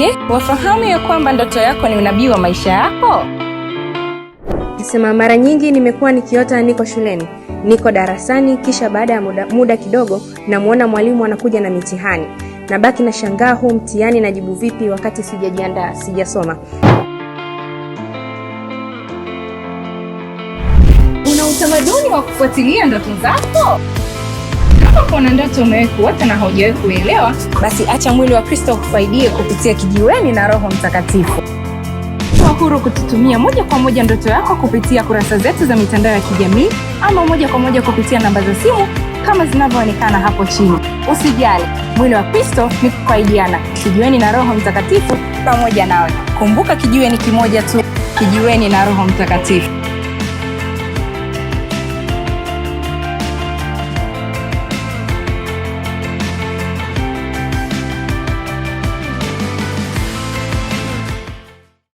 Je, wafahamu ya kwamba ndoto yako ni unabii wa maisha yako? Sema mara nyingi nimekuwa nikiota niko shuleni, niko darasani, kisha baada ya muda, muda kidogo namwona mwalimu anakuja na mitihani, nabaki nashangaa, huu mtihani najibu vipi wakati sijajiandaa, sijasoma. Una utamaduni wa kufuatilia ndoto zako? wako na ndoto umewahi kuota na haujawahi kuelewa, basi acha mwili wa Kristo kufaidie kupitia kijiweni na Roho Mtakatifu. Kuwa huru kututumia moja kwa moja ndoto yako kupitia kurasa zetu za mitandao ya kijamii ama moja kwa moja kupitia namba za simu kama zinavyoonekana hapo chini. Usijali, mwili wa Kristo ni kufaidiana. Kijiweni na Roho Mtakatifu pamoja nawe. Kumbuka, kijiweni kimoja tu, kijiweni na Roho Mtakatifu.